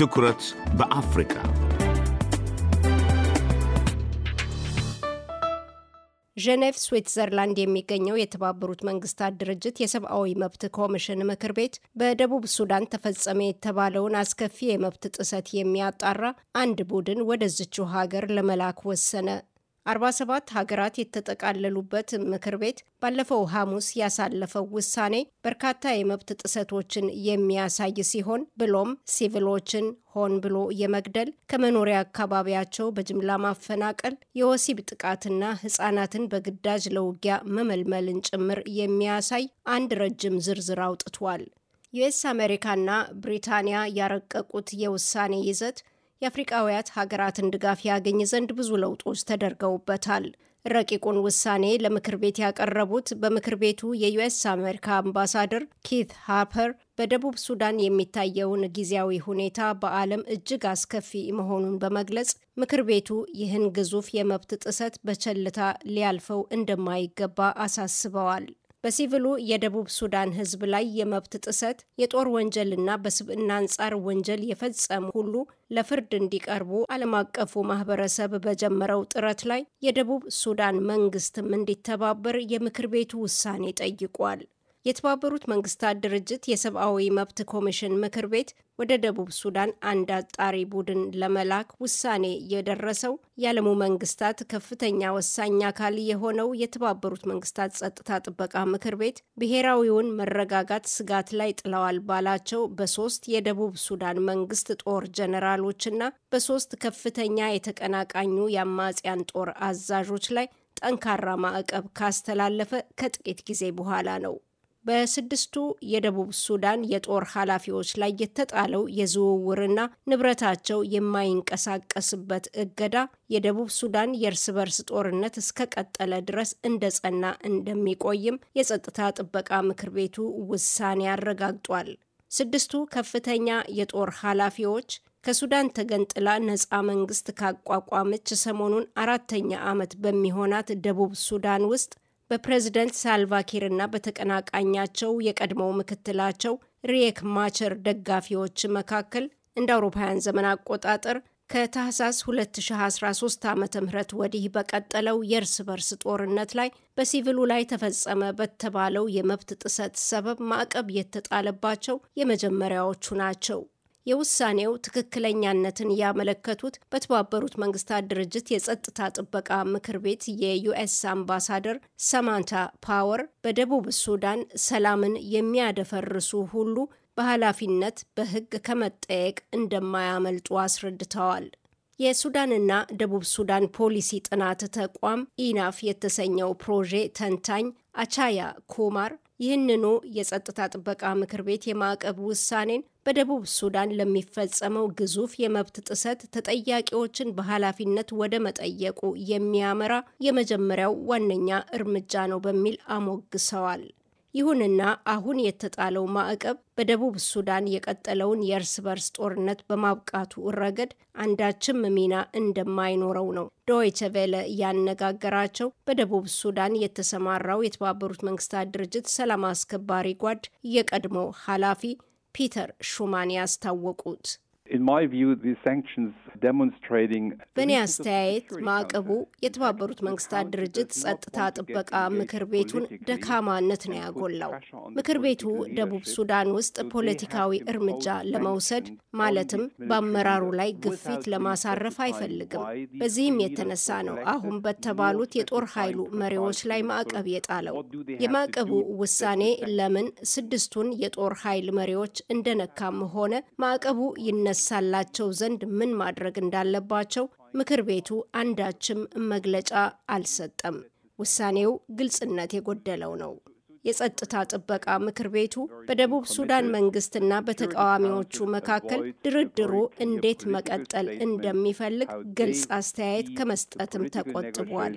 ትኩረት በአፍሪካ ženef ስዊትዘርላንድ የሚገኘው የተባበሩት መንግስታት ድርጅት የሰብአዊ መብት ኮሚሽን ምክር ቤት በደቡብ ሱዳን ተፈጸመ የተባለውን አስከፊ የመብት ጥሰት የሚያጣራ አንድ ቡድን ወደዝችው ሀገር ለመላክ ወሰነ። 47 ሀገራት የተጠቃለሉበት ምክር ቤት ባለፈው ሐሙስ ያሳለፈው ውሳኔ በርካታ የመብት ጥሰቶችን የሚያሳይ ሲሆን ብሎም ሲቪሎችን ሆን ብሎ የመግደል፣ ከመኖሪያ አካባቢያቸው በጅምላ ማፈናቀል፣ የወሲብ ጥቃትና ህጻናትን በግዳጅ ለውጊያ መመልመልን ጭምር የሚያሳይ አንድ ረጅም ዝርዝር አውጥቷል። ዩኤስ አሜሪካና ብሪታንያ ያረቀቁት የውሳኔ ይዘት የአፍሪቃውያት ሀገራትን ድጋፍ ያገኝ ዘንድ ብዙ ለውጦች ተደርገውበታል። ረቂቁን ውሳኔ ለምክር ቤት ያቀረቡት በምክር ቤቱ የዩኤስ አሜሪካ አምባሳደር ኪት ሃፐር በደቡብ ሱዳን የሚታየውን ጊዜያዊ ሁኔታ በዓለም እጅግ አስከፊ መሆኑን በመግለጽ ምክር ቤቱ ይህን ግዙፍ የመብት ጥሰት በቸልታ ሊያልፈው እንደማይገባ አሳስበዋል። በሲቪሉ የደቡብ ሱዳን ህዝብ ላይ የመብት ጥሰት፣ የጦር ወንጀልና በስብዕና አንጻር ወንጀል የፈጸሙ ሁሉ ለፍርድ እንዲቀርቡ ዓለም አቀፉ ማህበረሰብ በጀመረው ጥረት ላይ የደቡብ ሱዳን መንግስትም እንዲተባበር የምክር ቤቱ ውሳኔ ጠይቋል። የተባበሩት መንግስታት ድርጅት የሰብአዊ መብት ኮሚሽን ምክር ቤት ወደ ደቡብ ሱዳን አንድ አጣሪ ቡድን ለመላክ ውሳኔ የደረሰው የዓለሙ መንግስታት ከፍተኛ ወሳኝ አካል የሆነው የተባበሩት መንግስታት ጸጥታ ጥበቃ ምክር ቤት ብሔራዊውን መረጋጋት ስጋት ላይ ጥለዋል ባላቸው በሶስት የደቡብ ሱዳን መንግስት ጦር ጀነራሎችና በሶስት ከፍተኛ የተቀናቃኙ የአማጽያን ጦር አዛዦች ላይ ጠንካራ ማዕቀብ ካስተላለፈ ከጥቂት ጊዜ በኋላ ነው። በስድስቱ የደቡብ ሱዳን የጦር ኃላፊዎች ላይ የተጣለው የዝውውርና ንብረታቸው የማይንቀሳቀስበት እገዳ የደቡብ ሱዳን የእርስ በርስ ጦርነት እስከቀጠለ ድረስ እንደጸና እንደሚቆይም የጸጥታ ጥበቃ ምክር ቤቱ ውሳኔ አረጋግጧል። ስድስቱ ከፍተኛ የጦር ኃላፊዎች ከሱዳን ተገንጥላ ነፃ መንግስት ካቋቋመች ሰሞኑን አራተኛ ዓመት በሚሆናት ደቡብ ሱዳን ውስጥ በፕሬዝደንት ሳልቫኪርና በተቀናቃኛቸው የቀድሞው ምክትላቸው ሪየክ ማቸር ደጋፊዎች መካከል እንደ አውሮፓውያን ዘመን አቆጣጠር ከታህሳስ 2013 ዓ ም ወዲህ በቀጠለው የእርስ በርስ ጦርነት ላይ በሲቪሉ ላይ ተፈጸመ በተባለው የመብት ጥሰት ሰበብ ማዕቀብ የተጣለባቸው የመጀመሪያዎቹ ናቸው። የውሳኔው ትክክለኛነትን ያመለከቱት በተባበሩት መንግስታት ድርጅት የጸጥታ ጥበቃ ምክር ቤት የዩኤስ አምባሳደር ሰማንታ ፓወር በደቡብ ሱዳን ሰላምን የሚያደፈርሱ ሁሉ በኃላፊነት በሕግ ከመጠየቅ እንደማያመልጡ አስረድተዋል። የሱዳንና ደቡብ ሱዳን ፖሊሲ ጥናት ተቋም ኢናፍ የተሰኘው ፕሮጄ ተንታኝ አቻያ ኩማር ይህንኑ የጸጥታ ጥበቃ ምክር ቤት የማዕቀብ ውሳኔን በደቡብ ሱዳን ለሚፈጸመው ግዙፍ የመብት ጥሰት ተጠያቂዎችን በኃላፊነት ወደ መጠየቁ የሚያመራ የመጀመሪያው ዋነኛ እርምጃ ነው በሚል አሞግሰዋል። ይሁንና አሁን የተጣለው ማዕቀብ በደቡብ ሱዳን የቀጠለውን የእርስ በርስ ጦርነት በማብቃቱ ረገድ አንዳችም ሚና እንደማይኖረው ነው ዶይቸ ቬለ እያነጋገራቸው በደቡብ ሱዳን የተሰማራው የተባበሩት መንግስታት ድርጅት ሰላም አስከባሪ ጓድ የቀድሞ ኃላፊ ፒተር ሹማን ያስታወቁት In my view, these sanctions በእኔ አስተያየት ማዕቀቡ የተባበሩት መንግስታት ድርጅት ጸጥታ ጥበቃ ምክር ቤቱን ደካማነት ነው ያጎላው። ምክር ቤቱ ደቡብ ሱዳን ውስጥ ፖለቲካዊ እርምጃ ለመውሰድ ማለትም በአመራሩ ላይ ግፊት ለማሳረፍ አይፈልግም። በዚህም የተነሳ ነው አሁን በተባሉት የጦር ኃይሉ መሪዎች ላይ ማዕቀብ የጣለው። የማዕቀቡ ውሳኔ ለምን ስድስቱን የጦር ኃይል መሪዎች እንደነካም ሆነ ማዕቀቡ ይነሳላቸው ዘንድ ምን ማድረግ ማድረግ እንዳለባቸው ምክር ቤቱ አንዳችም መግለጫ አልሰጠም። ውሳኔው ግልጽነት የጎደለው ነው። የጸጥታ ጥበቃ ምክር ቤቱ በደቡብ ሱዳን መንግስትና በተቃዋሚዎቹ መካከል ድርድሩ እንዴት መቀጠል እንደሚፈልግ ግልጽ አስተያየት ከመስጠትም ተቆጥቧል።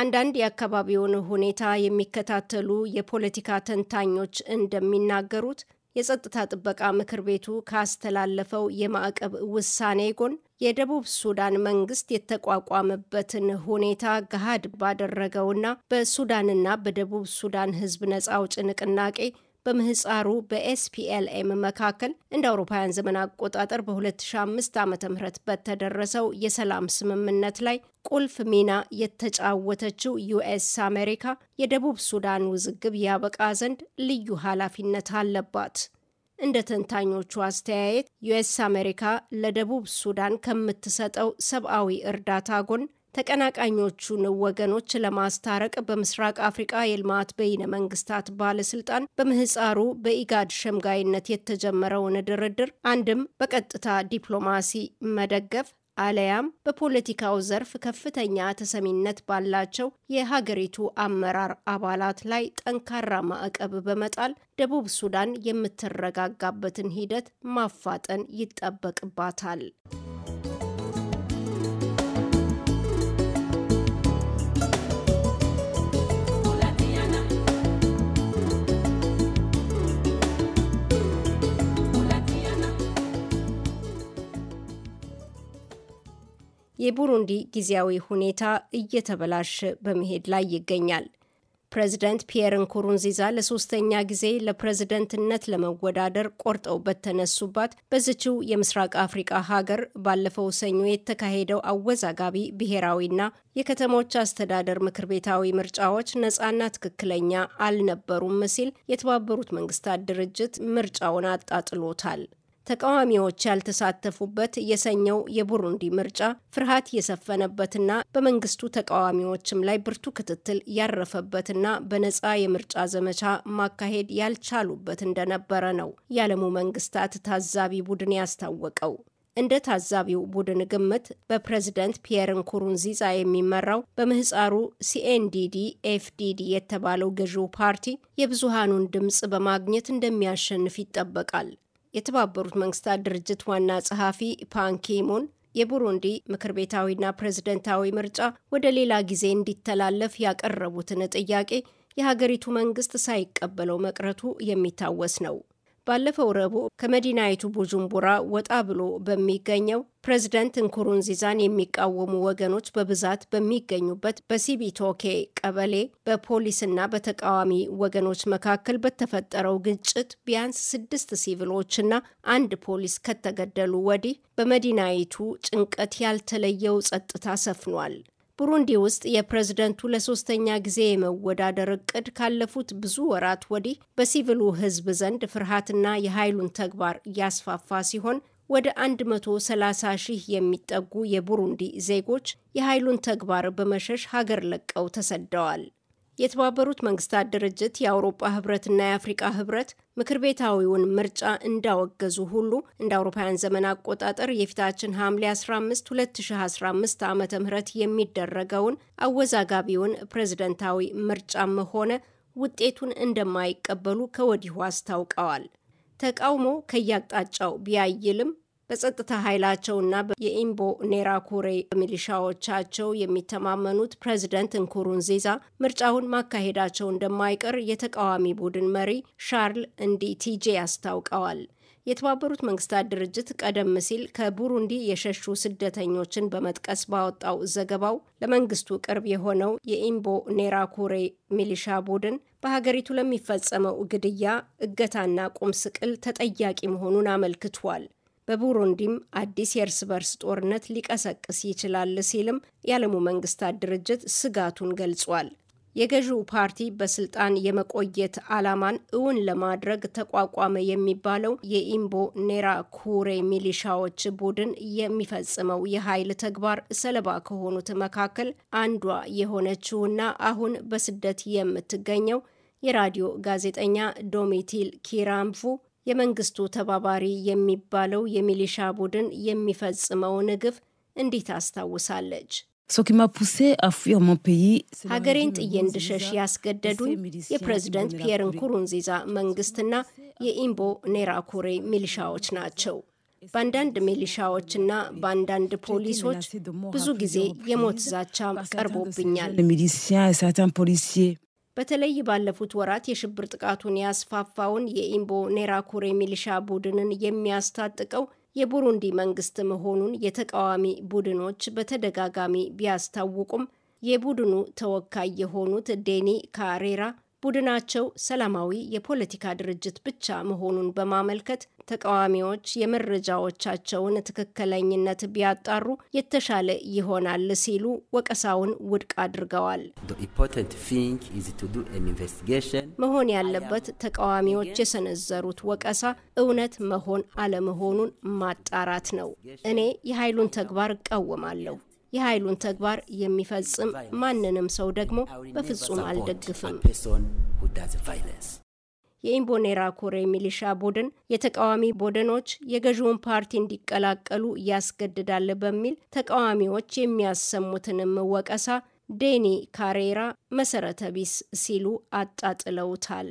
አንዳንድ የአካባቢውን ሁኔታ የሚከታተሉ የፖለቲካ ተንታኞች እንደሚናገሩት የጸጥታ ጥበቃ ምክር ቤቱ ካስተላለፈው የማዕቀብ ውሳኔ ጎን የደቡብ ሱዳን መንግስት የተቋቋመበትን ሁኔታ ገሃድ ባደረገውና በሱዳንና በደቡብ ሱዳን ህዝብ ነጻ አውጭ ንቅናቄ በምህፃሩ በኤስፒኤልኤም መካከል እንደ አውሮፓውያን ዘመን አቆጣጠር በ2005 ዓ ም በተደረሰው የሰላም ስምምነት ላይ ቁልፍ ሚና የተጫወተችው ዩኤስ አሜሪካ የደቡብ ሱዳን ውዝግብ ያበቃ ዘንድ ልዩ ኃላፊነት አለባት። እንደ ተንታኞቹ አስተያየት ዩኤስ አሜሪካ ለደቡብ ሱዳን ከምትሰጠው ሰብአዊ እርዳታ ጎን ተቀናቃኞቹን ወገኖች ለማስታረቅ በምስራቅ አፍሪቃ የልማት በይነ መንግስታት ባለስልጣን በምህፃሩ በኢጋድ ሸምጋይነት የተጀመረውን ድርድር አንድም በቀጥታ ዲፕሎማሲ መደገፍ አለያም በፖለቲካው ዘርፍ ከፍተኛ ተሰሚነት ባላቸው የሀገሪቱ አመራር አባላት ላይ ጠንካራ ማዕቀብ በመጣል ደቡብ ሱዳን የምትረጋጋበትን ሂደት ማፋጠን ይጠበቅባታል። የቡሩንዲ ጊዜያዊ ሁኔታ እየተበላሸ በመሄድ ላይ ይገኛል። ፕሬዚደንት ፒየር ንኩሩንዚዛ ለሶስተኛ ጊዜ ለፕሬዝደንትነት ለመወዳደር ቆርጠውበት በተነሱባት በዝችው የምስራቅ አፍሪቃ ሀገር ባለፈው ሰኞ የተካሄደው አወዛጋቢ ብሔራዊና የከተሞች አስተዳደር ምክር ቤታዊ ምርጫዎች ነጻና ትክክለኛ አልነበሩም ሲል የተባበሩት መንግስታት ድርጅት ምርጫውን አጣጥሎታል። ተቃዋሚዎች ያልተሳተፉበት የሰኘው የቡሩንዲ ምርጫ ፍርሃት የሰፈነበትና በመንግስቱ ተቃዋሚዎችም ላይ ብርቱ ክትትል ያረፈበትና በነፃ የምርጫ ዘመቻ ማካሄድ ያልቻሉበት እንደነበረ ነው የዓለሙ መንግስታት ታዛቢ ቡድን ያስታወቀው። እንደ ታዛቢው ቡድን ግምት በፕሬዝደንት ፒየር ንኩሩንዚዛ የሚመራው በምህፃሩ ሲኤንዲዲ ኤፍዲዲ የተባለው ገዢው ፓርቲ የብዙሃኑን ድምፅ በማግኘት እንደሚያሸንፍ ይጠበቃል። የተባበሩት መንግስታት ድርጅት ዋና ጸሐፊ ፓንኪሙን የቡሩንዲ ምክር ቤታዊና ፕሬዝደንታዊ ምርጫ ወደ ሌላ ጊዜ እንዲተላለፍ ያቀረቡትን ጥያቄ የሀገሪቱ መንግስት ሳይቀበለው መቅረቱ የሚታወስ ነው። ባለፈው ረቡዕ ከመዲናይቱ ቡጁምቡራ ወጣ ብሎ በሚገኘው ፕሬዝደንት እንኩሩንዚዛን የሚቃወሙ ወገኖች በብዛት በሚገኙበት በሲቢቶኬ ቀበሌ በፖሊስና በተቃዋሚ ወገኖች መካከል በተፈጠረው ግጭት ቢያንስ ስድስት ሲቪሎችና አንድ ፖሊስ ከተገደሉ ወዲህ በመዲናይቱ ጭንቀት ያልተለየው ጸጥታ ሰፍኗል። ቡሩንዲ ውስጥ የፕሬዝደንቱ ለሶስተኛ ጊዜ የመወዳደር እቅድ ካለፉት ብዙ ወራት ወዲህ በሲቪሉ ሕዝብ ዘንድ ፍርሃትና የኃይሉን ተግባር እያስፋፋ ሲሆን ወደ 130 ሺህ የሚጠጉ የቡሩንዲ ዜጎች የኃይሉን ተግባር በመሸሽ ሀገር ለቀው ተሰደዋል። የተባበሩት መንግስታት ድርጅት የአውሮፓ ህብረትና የአፍሪቃ ህብረት ምክር ቤታዊውን ምርጫ እንዳወገዙ ሁሉ እንደ አውሮፓውያን ዘመን አቆጣጠር የፊታችን ሐምሌ 15 2015 ዓ ምት የሚደረገውን አወዛጋቢውን ፕሬዝደንታዊ ምርጫም ሆነ ውጤቱን እንደማይቀበሉ ከወዲሁ አስታውቀዋል። ተቃውሞ ከያቅጣጫው ቢያይልም በጸጥታ ኃይላቸውና የኢምቦ ኔራ ኩሬ ሚሊሻዎቻቸው የሚተማመኑት ፕሬዚደንት እንኩሩንዚዛ ምርጫውን ማካሄዳቸው እንደማይቀር የተቃዋሚ ቡድን መሪ ሻርል ቲጄ አስታውቀዋል። የተባበሩት መንግስታት ድርጅት ቀደም ሲል ከቡሩንዲ የሸሹ ስደተኞችን በመጥቀስ ባወጣው ዘገባው ለመንግስቱ ቅርብ የሆነው የኢምቦ ኔራ ኩሬ ሚሊሻ ቡድን በሀገሪቱ ለሚፈጸመው ግድያ፣ እገታና ቁም ስቅል ተጠያቂ መሆኑን አመልክቷል። በቡሩንዲም አዲስ የእርስ በርስ ጦርነት ሊቀሰቅስ ይችላል ሲልም የዓለሙ መንግስታት ድርጅት ስጋቱን ገልጿል። የገዢው ፓርቲ በስልጣን የመቆየት አላማን እውን ለማድረግ ተቋቋመ የሚባለው የኢምቦ ኔራ ኩሬ ሚሊሻዎች ቡድን የሚፈጽመው የኃይል ተግባር ሰለባ ከሆኑት መካከል አንዷ የሆነችውና አሁን በስደት የምትገኘው የራዲዮ ጋዜጠኛ ዶሚቲል ኪራምፉ የመንግስቱ ተባባሪ የሚባለው የሚሊሻ ቡድን የሚፈጽመውን ግፍ እንዲህ ታስታውሳለች። ሀገሬን ጥዬ እንድሸሽ ያስገደዱኝ የፕሬዝደንት ፒየር ንኩሩንዚዛ መንግስትና የኢምቦ ኔራኩሬ ሚሊሻዎች ናቸው። በአንዳንድ ሚሊሻዎችና በአንዳንድ ፖሊሶች ብዙ ጊዜ የሞት ዛቻ ቀርቦብኛል። በተለይ ባለፉት ወራት የሽብር ጥቃቱን ያስፋፋውን የኢምቦ ኔራኩሬ ሚሊሻ ቡድንን የሚያስታጥቀው የቡሩንዲ መንግስት መሆኑን የተቃዋሚ ቡድኖች በተደጋጋሚ ቢያስታውቁም የቡድኑ ተወካይ የሆኑት ዴኒ ካሬራ ቡድናቸው ሰላማዊ የፖለቲካ ድርጅት ብቻ መሆኑን በማመልከት ተቃዋሚዎች የመረጃዎቻቸውን ትክክለኝነት ቢያጣሩ የተሻለ ይሆናል ሲሉ ወቀሳውን ውድቅ አድርገዋል። መሆን ያለበት ተቃዋሚዎች የሰነዘሩት ወቀሳ እውነት መሆን አለመሆኑን ማጣራት ነው። እኔ የኃይሉን ተግባር እቃወማለሁ። የኃይሉን ተግባር የሚፈጽም ማንንም ሰው ደግሞ በፍጹም አልደግፍም። የኢምቦኔራ ኮሬ ሚሊሻ ቡድን የተቃዋሚ ቡድኖች የገዢውን ፓርቲ እንዲቀላቀሉ ያስገድዳል በሚል ተቃዋሚዎች የሚያሰሙትንም ወቀሳ ዴኒ ካሬራ መሰረተ ቢስ ሲሉ አጣጥለውታል።